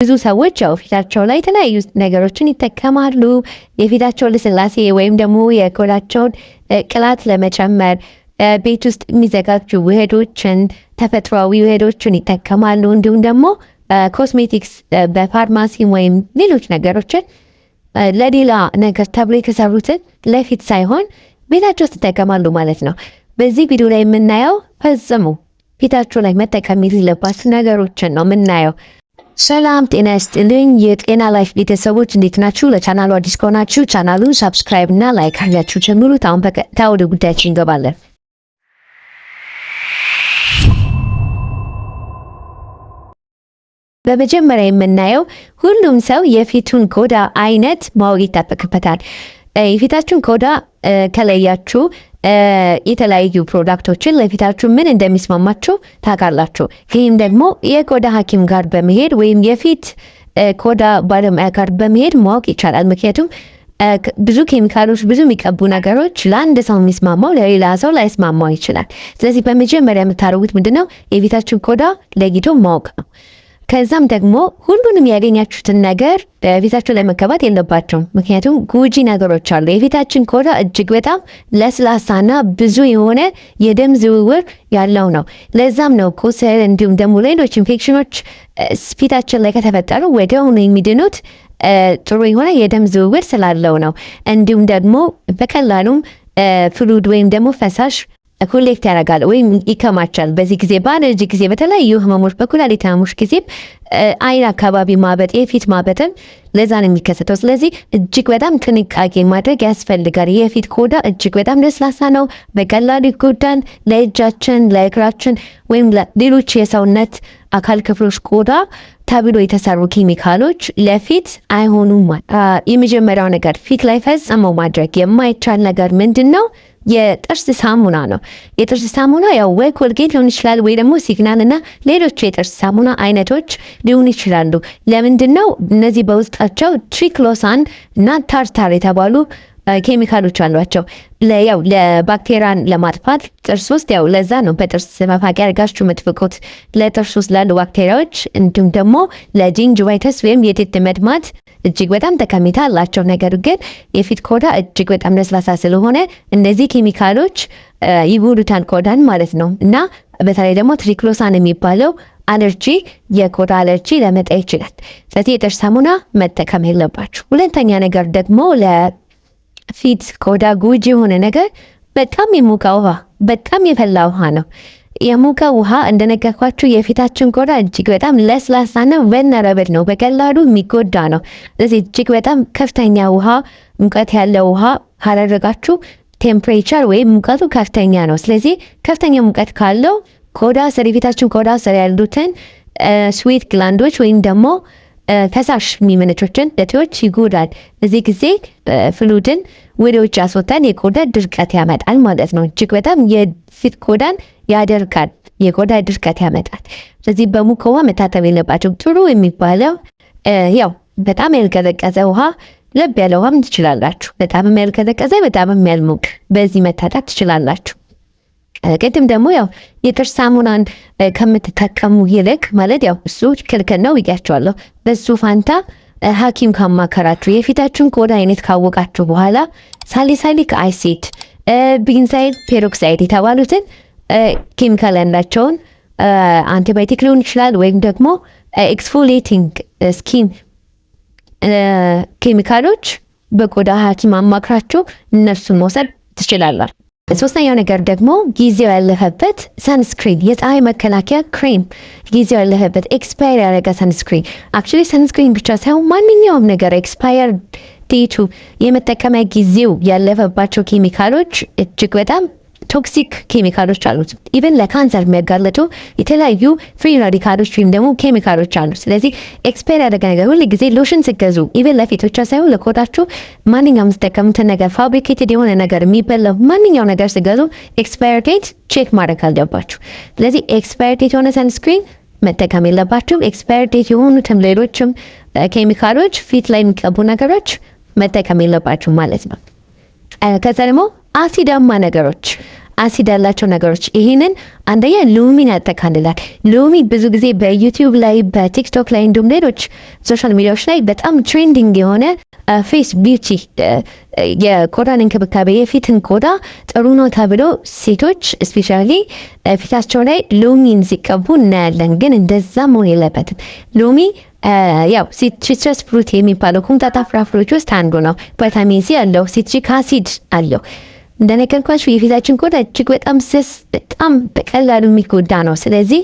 ብዙ ሰዎች ያው ፊታቸው ላይ የተለያዩ ነገሮችን ይጠቀማሉ። የፊታቸውን ልስላሴ ወይም ደግሞ የቆዳቸውን ቅላት ለመጨመር ቤት ውስጥ የሚዘጋጁ ውህዶችን፣ ተፈጥሯዊ ውህዶችን ይጠቀማሉ። እንዲሁም ደግሞ ኮስሜቲክስ በፋርማሲ ወይም ሌሎች ነገሮችን ለሌላ ነገር ተብሎ የተሰሩትን ለፊት ሳይሆን ቤታቸው ውስጥ ይጠቀማሉ ማለት ነው። በዚህ ቪዲዮ ላይ የምናየው ፈጽሙ ፊታቸው ላይ መጠቀም የሌለባቸው ነገሮችን ነው የምናየው። ሰላም ጤና ይስጥልኝ። የጤና ላይፍ ቤተሰቦች እንዴት ናችሁ? ለቻናሉ አዲስ ከሆናችሁ ቻናሉን ሳብስክራይብ እና ላይክ አድርጋችሁ ጀምሩት። አሁን በቀጥታ ወደ ጉዳያችን እንገባለን። በመጀመሪያ የምናየው ሁሉም ሰው የፊቱን ቆዳ አይነት ማወቅ ይጠበቅበታል። የፊታችሁን ቆዳ ከለያችሁ የተለያዩ ፕሮዳክቶችን ለፊታችሁ ምን እንደሚስማማችሁ ታውቃላችሁ። ይህም ደግሞ የቆዳ ሐኪም ጋር በመሄድ ወይም የፊት ቆዳ ባለሙያ ጋር በመሄድ ማወቅ ይቻላል። ምክንያቱም ብዙ ኬሚካሎች፣ ብዙ የሚቀቡ ነገሮች ለአንድ ሰው የሚስማማው ለሌላ ሰው ላይስማማው ይችላል። ስለዚህ በመጀመሪያ የምታደርጉት ምንድነው የፊታችን ቆዳ ለይቶ ማወቅ ነው። ከዛም ደግሞ ሁሉንም ያገኛችሁትን ነገር በፊታችሁ ላይ መቀባት የለባቸውም። ምክንያቱም ጎጂ ነገሮች አሉ። የፊታችን ቆዳ እጅግ በጣም ለስላሳና ብዙ የሆነ የደም ዝውውር ያለው ነው። ለዛም ነው ቁስል እንዲሁም ደግሞ ሌሎች ኢንፌክሽኖች ፊታችን ላይ ከተፈጠሩ ወዲያውኑ የሚድኑት ጥሩ የሆነ የደም ዝውውር ስላለው ነው። እንዲሁም ደግሞ በቀላሉም ፍሉድ ወይም ደግሞ ፈሳሽ ኩሌክት ያደርጋል ወይም ይከማቻል። በዚህ ጊዜ በአለርጂ ጊዜ በተለያዩ ህመሞች በኩላሊት ህመሞች ጊዜ አይን አካባቢ ማበጥ፣ የፊት ማበጥን ለዛ ነው የሚከሰተው። ስለዚህ እጅግ በጣም ጥንቃቄ ማድረግ ያስፈልጋል። የፊት ቆዳ እጅግ በጣም ለስላሳ ነው፣ በቀላሉ ይጎዳል። ለእጃችን፣ ለእግራችን ወይም ሌሎች የሰውነት አካል ክፍሎች ቆዳ ተብሎ የተሰሩ ኬሚካሎች ለፊት አይሆኑም። የመጀመሪያው ነገር ፊት ላይ ፈጽሞ ማድረግ የማይቻል ነገር ምንድን ነው? የጥርስ ሳሙና ነው። የጥርስ ሳሙና ያው ወይ ኮልጌት ሊሆን ይችላል ወይ ደግሞ ሲግናል እና ሌሎች የጥርስ ሳሙና አይነቶች ሊሆኑ ይችላሉ። ለምንድን ነው እነዚህ በውስጣቸው ትሪክሎሳን እና ታርታር የተባሉ ኬሚካሎች አሏቸው። ያው ለባክቴሪያን ለማጥፋት ጥርስ ውስጥ ያው ለዛ ነው በጥርስ መፋቂያ አድርጋችሁ የምትፍቁት ለጥርስ ውስጥ ላሉ ባክቴሪያዎች፣ እንዲሁም ደግሞ ለጂንጅቫይተስ ወይም የጥት መድማት እጅግ በጣም ጠቀሜታ አላቸው። ነገር ግን የፊት ቆዳ እጅግ በጣም ለስላሳ ስለሆነ እነዚህ ኬሚካሎች ይጎዱታል ቆዳን ማለት ነው እና በተለይ ደግሞ ትሪክሎሳን የሚባለው አለርጂ፣ የቆዳ አለርጂ ለመጣ ይችላል። ስለዚህ የጥርስ ሳሙና መጠቀም የለባችሁ። ሁለተኛ ነገር ደግሞ ለፊት ቆዳ ጎጂ የሆነ ነገር በጣም የሞቀ ውሃ፣ በጣም የፈላ ውሃ ነው። የሞቀ ውሃ እንደነገርኳችሁ የፊታችን ቆዳ እጅግ በጣም ለስላሳና ወነረበድ ነው፣ በቀላሉ የሚጎዳ ነው። ስለዚህ እጅግ በጣም ከፍተኛ ውሃ፣ ሙቀት ያለው ውሃ ካደረጋችሁ ቴምፕሬቸር ወይም ሙቀቱ ከፍተኛ ነው። ስለዚህ ከፍተኛ ሙቀት ካለው ቆዳ ስር የፊታችን ከወደ ስር ያሉትን ስዊት ግላንዶች ወይም ደግሞ ፈሳሽ የሚመነቾችን ደቴዎች ይጎዳል። በዚህ ጊዜ ፍሉድን ወደ ውጭ አስወጥተን የቆዳ ድርቀት ያመጣል ማለት ነው። እጅግ በጣም የፊት ቆዳን ያደርጋል፣ የቆዳ ድርቀት ያመጣል። ስለዚህ በሙከዋ መታተብ የለባቸው። ጥሩ የሚባለው ያው በጣም ያልቀዘቀዘ ውሃ ለብ ያለ ውሃም ትችላላችሁ። በጣም የሚያልቀዘቀዘ በጣም የሚያልሙቅ በዚህ መታጣት ትችላላችሁ። ቅድም ደግሞ ያው የጥርስ ሳሙናን ከምትጠቀሙ ይልቅ ማለት ያው እሱ ክልክል ነው ብያቸዋለሁ። በሱ ፋንታ ሐኪም ካማከራችሁ የፊታችሁን ቆዳ አይነት ካወቃችሁ በኋላ ሳሊሳሊክ አሲድ፣ ቤንዛይል ፔሮክሳይድ የተባሉትን ኬሚካል ያላቸውን አንቲባዮቲክ ሊሆን ይችላል ወይም ደግሞ ኤክስፎሌቲንግ ስኪን ኬሚካሎች በቆዳ ሐኪም አማክራችሁ እነሱን መውሰድ ትችላላል። ሶስተኛው ነገር ደግሞ ጊዜው ያለፈበት ሰንስክሪን የፀሐይ መከላከያ ክሬም ጊዜው ያለፈበት ኤክስፓየር ያደረገ ሰንስክሪን። አክቹዋሊ ሰንስክሪን ብቻ ሳይሆን ማንኛውም ነገር ኤክስፓየር ዴቱ የመጠቀሚያ ጊዜው ያለፈባቸው ኬሚካሎች እጅግ በጣም ቶክሲክ ኬሚካሎች አሉት። ኢቨን ለካንሰር የሚያጋለጡ የተለያዩ ፍሪ ራዲካሎች ወይም ደግሞ ኬሚካሎች አሉ። ስለዚህ ኤክስፔር ያደረገ ነገር ሁል ጊዜ ሎሽን ስገዙ ኢቨን ለፊቶቻ ሳይሆን ለቆዳችሁ ማንኛውም ስትጠቀሙት ነገር ፋብሪኬትድ የሆነ ነገር የሚበላው ማንኛው ነገር ስገዙ ኤክስፓየር ዴት ቼክ ማድረግ አለባችሁ። ስለዚህ ኤክስፓየር ዴት የሆነ ሰንስክሪን መጠቀም የለባችሁ። ኤክስፓየር ዴት የሆኑትም ሌሎችም ኬሚካሎች ፊት ላይ የሚቀቡ ነገሮች መጠቀም የለባችሁ ማለት ነው። ከዛ ደግሞ አሲዳማ ነገሮች አሲድ ያላቸው ነገሮች ይህንን አንደኛ ሎሚን ያጠቃልላል። ሎሚ ብዙ ጊዜ በዩቲዩብ ላይ በቲክቶክ ላይ እንዲሁም ሌሎች ሶሻል ሚዲያዎች ላይ በጣም ትሬንዲንግ የሆነ ፌስ ቢውቲ የቆዳን እንክብካቤ የፊትን ቆዳ ጥሩ ነው ተብሎ ሴቶች ስፔሻሊ ፊታቸው ላይ ሎሚን ሲቀቡ እናያለን። ግን እንደዛ መሆን የለበትም። ሎሚ ያው ሲትረስ ፍሩት የሚባለው ኩምጣጣ ፍራፍሬዎች ውስጥ አንዱ ነው። ቫይታሚን ሲ አለው፣ ሲትሪክ አሲድ አለው። እንደነገርኳችሁ የፊታችን ቆዳ እጅግ በጣም ስስ በጣም በቀላሉ የሚጎዳ ነው። ስለዚህ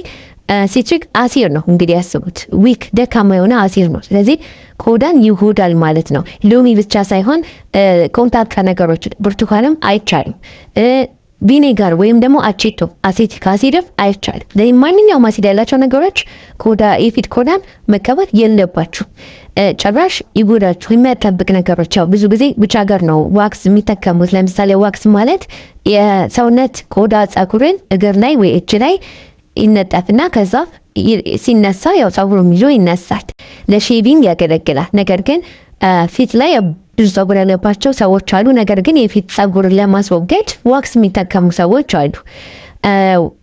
ሲትሪክ አሲር ነው እንግዲህ ያስቡት፣ ዊክ ደካማ የሆነ አሲር ነው። ስለዚህ ቆዳን ይጎዳል ማለት ነው። ሎሚ ብቻ ሳይሆን ኮምታታ ነገሮች ብርቱካንም አይቻልም። ቪኔጋር ወይም ደግሞ አቼቶ አሴቲክ አሲድም አይቻልም። ማንኛውም አሲድ ያላቸው ነገሮች የፊት ቆዳን መቀባት የለባችሁ። ጭራሽ ይጉዳችሁ የሚያጠብቅ ነገሮች ያው ብዙ ጊዜ ውጭ ሀገር ነው ዋክስ የሚጠቀሙት። ለምሳሌ ዋክስ ማለት የሰውነት ቆዳ ጸጉርን እግር ላይ ወይ እጅ ላይ ይነጠፍና ከዛ ሲነሳ ያው ጸጉሩም ይዞ ይነሳል። ለሼቪንግ ያገለግላል። ነገር ግን ፊት ላይ ብዙ ጸጉር ያለባቸው ሰዎች አሉ። ነገር ግን የፊት ጸጉርን ለማስወገድ ዋክስ የሚጠቀሙ ሰዎች አሉ።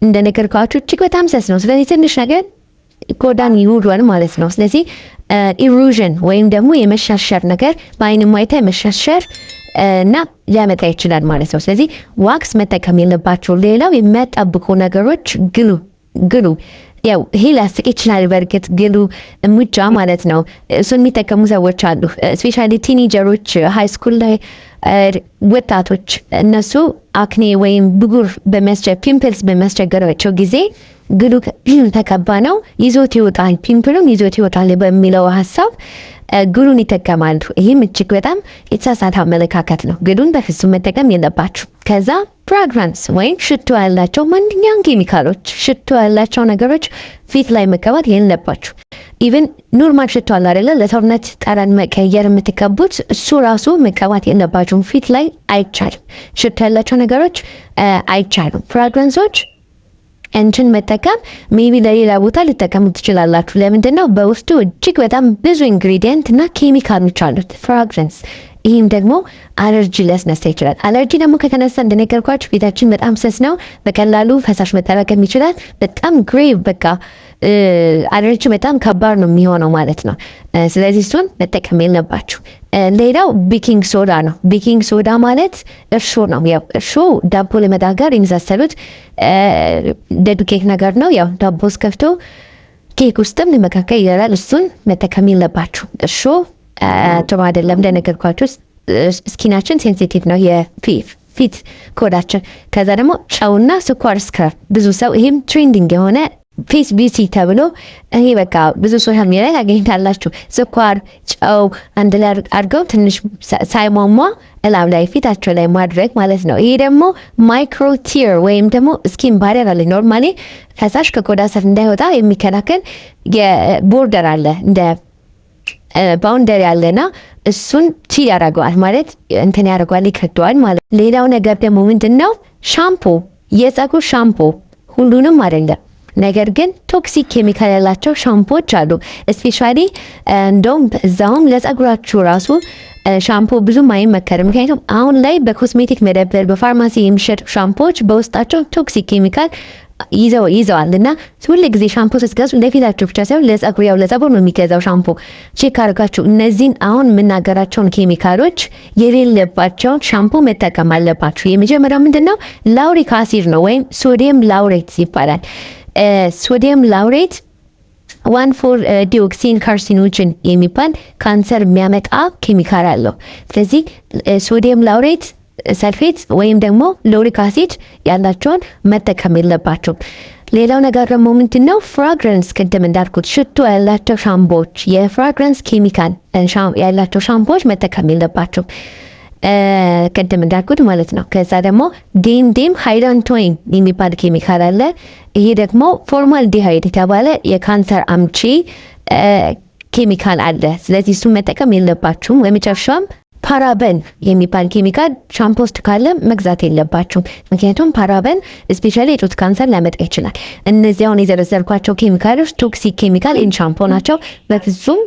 እንደ ነገር ካችሁ እጅግ በጣም ሰስ ነው። ስለዚህ ትንሽ ነገር ጎዳን ይውዷል ማለት ነው። ስለዚህ ኢሩዥን ወይም ደግሞ የመሸርሸር ነገር በአይን ማይታ የመሻሸር እና ሊያመጣ ይችላል ማለት ነው። ስለዚህ ዋክስ መጠቀም የለባቸው። ሌላው የሚያጣብቁ ነገሮች ግሉ ግሉ ያው ይሄ ላስቅ ይችላል። በእርግጥ ግሉ ሙጫ ማለት ነው። እሱን የሚጠቀሙ ሰዎች አሉ። ስፔሻሊ ቲኔጀሮች ሃይ ስኩል ላይ ወጣቶች እነሱ አክኔ ወይም ብጉር በሚያስቸ ፒምፕልስ በሚያስቸገራቸው ጊዜ ግሉ ተከባ ነው ይዞት ይወጣል፣ ፒምፕሉን ይዞት ይወጣል በሚለው ሀሳብ ግሉን ይጠቀማሉ። ይህም እጅግ በጣም የተሳሳተ አመለካከት ነው። ግሉን በፍጹም መጠቀም የለባችሁ። ከዛ ፍራግራንስ ወይም ሽቶ ያላቸው ማንኛውም ኬሚካሎች፣ ሽቶ ያላቸው ነገሮች ፊት ላይ መቀባት የለባችሁ። ኢቨን ኖርማል ሽቶ አለ አይደለ? ለሰውነት ጠረን መቀየር የምትቀቡት እሱ ራሱ መቀባት የለባችሁም። ፊት ላይ አይቻልም። ሽቶ ያላቸው ነገሮች አይቻሉም። ፍራግረንሶች እንትን መጠቀም ሜቢ ለሌላ ቦታ ልጠቀሙ ትችላላችሁ። ለምንድን ነው? በውስጡ እጅግ በጣም ብዙ ኢንግሪዲየንት እና ኬሚካሎች አሉት ፍራግረንስ። ይህም ደግሞ አለርጂ ሊያስነሳ ይችላል። አለርጂ ደግሞ ከተነሳ እንደነገርኳችሁ ፊታችን በጣም ስስ ነው፣ በቀላሉ ፈሳሽ መጠራቀም ይችላል። በጣም ግሬቭ በቃ አደረችው በጣም ከባድ ነው የሚሆነው ማለት ነው። ስለዚህ እሱን መጠቀም የለባችሁ። ሌላው ቤኪንግ ሶዳ ነው። ቤኪንግ ሶዳ ማለት እርሾ ነው። ያው እርሾ ዳቦ ለመጋገር የመሳሰሉት ደዱኬክ ነገር ነው። ያው ዳቦ ስከፍቶ ኬክ ውስጥም ሊመካከል ይላል። እሱን መጠቀም የለባችሁ። እርሾ ጥሩ አይደለም። እንደነገርኳችሁ ስኪናችን ሴንሲቲቭ ነው የፊፍ ፊት ኮዳችን። ከዛ ደግሞ ጨውና ስኳር ስከር ብዙ ሰው ይህም ትሬንዲንግ የሆነ ፌስ ቢሲ ተብሎ ይሄ በቃ ብዙ ሶሻል ሚዲያ ላይ ታገኝታላችሁ። ስኳር፣ ጨው አንድ ላይ አድርገው ትንሽ ሳይሟሟ እላም ላይ ፊታቸው ላይ ማድረግ ማለት ነው። ይሄ ደግሞ ማይክሮ ቲር ወይም ደግሞ ስኪን ባሪየር አለ። ኖርማሊ ፈሳሽ ከቆዳ ስር እንዳይወጣ የሚከላከል የቦርደር አለ እንደ ባውንደሪ አለና እሱን ቺ ያደርገዋል ማለት እንትን ያደርገዋል፣ ይከደዋል ማለት። ሌላው ነገር ደግሞ ምንድን ነው ሻምፖ፣ የጸጉር ሻምፖ ሁሉንም አይደለም ነገር ግን ቶክሲክ ኬሚካል ያላቸው ሻምፖዎች አሉ። እስፔሻሊ uh, እንደውም እዛውም ለጸጉራችሁ ራሱ ሻምፖ uh, ብዙም አይመከርም። ምክንያቱም አሁን ላይ በኮስሜቲክ መደብር፣ በፋርማሲ የሚሸጡ ሻምፖዎች በውስጣቸው ቶክሲክ ኬሚካል ይዘው ይዘዋል እና ሁል ጊዜ ሻምፖ ስትገዙ ለፊታችሁ ብቻ ሳይሆን ለጸጉር ያው ለጸጉር ነው የሚገዛው ሻምፖ ቼክ አድርጋችሁ እነዚህን አሁን የምናገራቸውን ኬሚካሎች የሌለባቸውን ሻምፖ መጠቀም አለባችሁ። የመጀመሪያው ምንድን ነው? ላውሪክ አሲድ ነው ወይም ሶዲየም ላውሬት ይባላል። ሶዲየም ላውሬት ዋን ፎር ዲኦክሲን ካርሲኖጅን የሚባል ካንሰር የሚያመጣ ኬሚካል አለው። ስለዚህ ሶዲየም ላውሬት ሰልፌት ወይም ደግሞ ሎሪክ አሲድ ያላቸውን መጠቀም የለባቸውም። ሌላው ነገር ደግሞ ምንድን ነው? ፍራግራንስ ቅድም እንዳልኩት ሽቶ ያላቸው ሻምፖዎች፣ የፍራግራንስ ኬሚካል ያላቸው ሻምፖዎች መጠቀም የለባቸውም። ቅድም እንዳልኩት ማለት ነው። ከዛ ደግሞ ዲም ዲም ሃይድራንቶይን የሚባል ኬሚካል አለ። ይሄ ደግሞ ፎርማል ዲሃይድ የተባለ የካንሰር አምቺ ኬሚካል አለ። ስለዚህ እሱን መጠቀም የለባችሁም። በመጨረሻም ፓራበን የሚባል ኬሚካል ሻምፖስት ካለ መግዛት የለባችሁም። ምክንያቱም ፓራበን ስፔሻሊ የጡት ካንሰር ሊያመጣ ይችላል። እነዚያውን የዘረዘርኳቸው ኬሚካሎች ቶክሲክ ኬሚካል ኢን ሻምፖ ናቸው። በፍጹም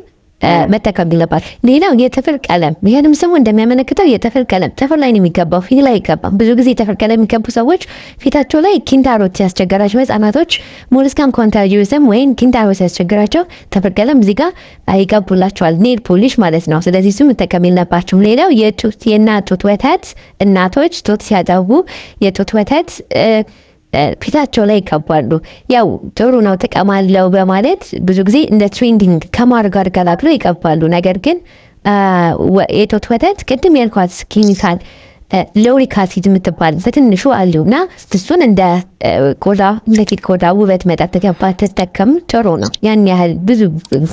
መጠቀም ይገባል። ሌላው የጥፍር ቀለም፣ ይህንም ስሙ እንደሚያመለክተው የጥፍር ቀለም ጥፍር ላይ ነው የሚገባው፣ ፊት ላይ አይገባም። ብዙ ጊዜ የጥፍር ቀለም የሚቀቡ ሰዎች ፊታቸው ላይ ኪንታሮት ያስቸገራቸው ህጻናቶች ሞልስካም ኮንታጂዮስም ወይም ኪንታሮት ያስቸገራቸው ጥፍር ቀለም እዚህ ጋር አይገቡላቸዋል፣ ኔል ፖሊሽ ማለት ነው። ስለዚህ እሱ መጠቀም የለባቸውም። ሌላው የእናት ጡት ወተት፣ እናቶች ጡት ሲያጠቡ የጡት ወተት ፊታቸው ላይ ይከባሉ። ያው ጥሩ ነው ጥቅም በማለት ብዙ ጊዜ እንደ ትሬንዲንግ ከማር ጋር ቀላቅሎ ይቀባሉ። ነገር ግን የቶት ወተት ቅድም ያልኳት ኬሚካል ሎሪክ አሲድ የምትባል በትንሹ አሉ እና እሱን እንደ ቆዳ ለፊት ቆዳ ውበት መጠጥ ገባ ትጠቀም ጥሩ ነው። ያን ያህል ብዙ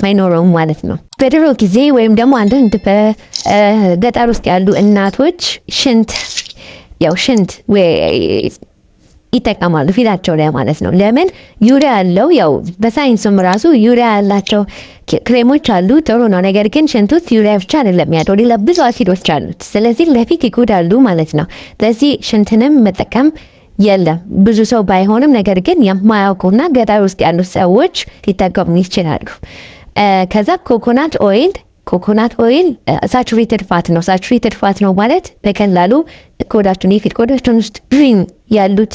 ማይኖረውም ማለት ነው። በድሮ ጊዜ ወይም ደግሞ አንዳንድ በገጠር ውስጥ ያሉ እናቶች ሽንት ያው ሽንት ይጠቀማሉ ፊታቸው ላይ ማለት ነው። ለምን ዩሪያ ያለው ያው በሳይንሱም ራሱ ዩሪያ ያላቸው ክሬሞች አሉ፣ ጥሩ ነው። ነገር ግን ሽንት ውስጥ ዩሪያ ብቻ አይደለም ያለው ሌላ ብዙ አሲዶች አሉት። ስለዚህ ለፊት ይጎዳሉ ማለት ነው። ለዚህ ሽንትንም መጠቀም የለም ብዙ ሰው ባይሆንም፣ ነገር ግን የማያውቁና ገጠር ውስጥ ያሉት ሰዎች ሊጠቀሙ ይችላሉ። ከዛ ኮኮናት ኦይል ኮኮናት ኦይል ሳቹሬትድ ፋት ነው። ሳቹሬትድ ፋት ነው ማለት በቀላሉ ቆዳችን የፊት ቆዳችን ውስጥ ድሪን ያሉት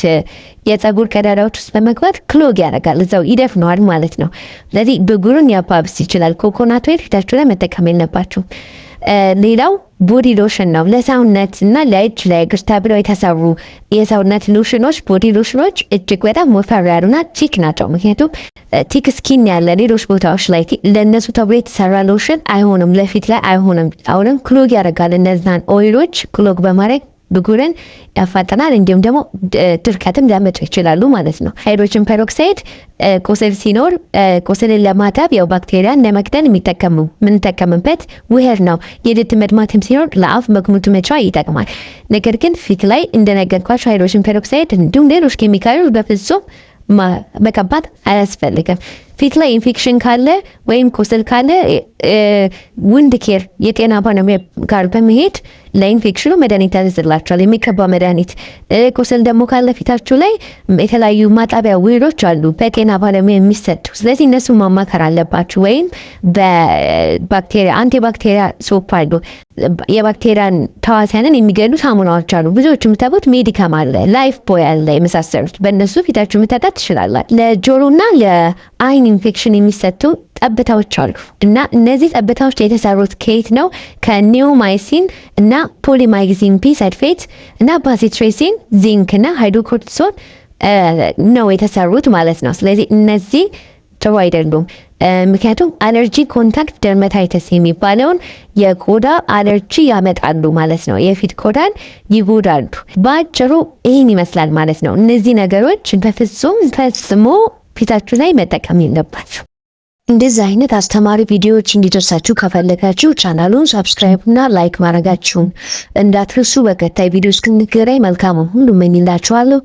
የፀጉር ቀዳዳዎች ውስጥ በመግባት ክሎግ ያደርጋል፣ እዛው ይደፍነዋል ማለት ነው። ስለዚህ ብጉሩን ያባብስ ይችላል። ኮኮናት ኦይል ፊታችሁ ላይ መጠቀም የለባችሁ። ሌላው ቦዲ ሎሽን ነው። ለሰውነት እና ለእጅ ለእግር ተብለው የተሰሩ የሰውነት ሎሽኖች ቦዲ ሎሽኖች እጅግ በጣም ወፈር ያሉና ቲክ ናቸው። ምክንያቱም ቲክ ስኪን ያለ ሌሎች ቦታዎች ላይ ለእነሱ ተብሎ የተሰራ ሎሽን አይሆንም፣ ለፊት ላይ አይሆንም። አሁንም ክሎግ ያደርጋል። እነዛን ኦይሎች ክሎግ በማድረግ ብጉርን ያፋጠናል። እንዲሁም ደግሞ ድርቀትም ሊያመጡ ይችላሉ ማለት ነው። ሃይድሮጅን ፐሮክሳይድ ቁስል ሲኖር ቁስልን ለማጠብ ያው ባክቴሪያን የሚጠቀሙ የምንጠቀምበት ውሄር ነው። የድድ መድማትም ሲኖር ለአፍ መግሙት ይጠቅማል። ነገር ግን ፊት ላይ እንደነገርኳቸው ሃይድሮጅን ፐሮክሳይድ እንዲሁም ሌሎች ኬሚካሎች በፍጹም መቀባት አያስፈልግም። ፊት ላይ ኢንፌክሽን ካለ ወይም ቁስል ካለ ውንድ ኬር የጤና ባለሙያ ጋር በመሄድ ለኢንፌክሽኑ መድኃኒት ያዝላቸዋል፣ የሚቀባ መድኃኒት። ቁስል ደግሞ ካለ ፊታችሁ ላይ የተለያዩ ማጣቢያ ውህዶች አሉ በጤና ባለሙያ የሚሰጡ። ስለዚህ እነሱ ማማከር አለባችሁ። ወይም በባክቴሪያ አንቲባክቴሪያ ሶፕ አሉ፣ የባክቴሪያን ተዋሲያንን የሚገሉ ሳሙናዎች አሉ። ብዙዎች የምታቡት ሜዲካም አለ፣ ላይፍ ቦይ አለ፣ የመሳሰሉት በእነሱ ፊታችሁ መታጣት ትችላላል። ለጆሮና ለአይን ኢንፌክሽን የሚሰጡ ጠብታዎች አሉ እና እነዚህ ጠብታዎች የተሰሩት ከየት ነው? ከኒዮማይሲን እና ፖሊማይዚን ፒሳልፌት እና ባሲትሬሲን፣ ዚንክ እና ሃይድሮኮርቲሶን ነው የተሰሩት ማለት ነው። ስለዚህ እነዚህ ጥሩ አይደሉም። ምክንያቱም አለርጂ ኮንታክት ደርመታይተስ የሚባለውን የቆዳ አለርጂ ያመጣሉ ማለት ነው። የፊት ቆዳን ይጎዳሉ። በአጭሩ ይህን ይመስላል ማለት ነው። እነዚህ ነገሮች በፍጹም ፈጽሞ ፊታችሁ ላይ መጠቀም የለባችሁ። እንደዚህ አይነት አስተማሪ ቪዲዮዎች እንዲደርሳችሁ ከፈለጋችሁ ቻናሉን ሰብስክራይብ እና ላይክ ማድረጋችሁን እንዳትርሱ። በከታይ ቪዲዮ እስክንገናኝ መልካሙን ሁሉ እመኝላችኋለሁ።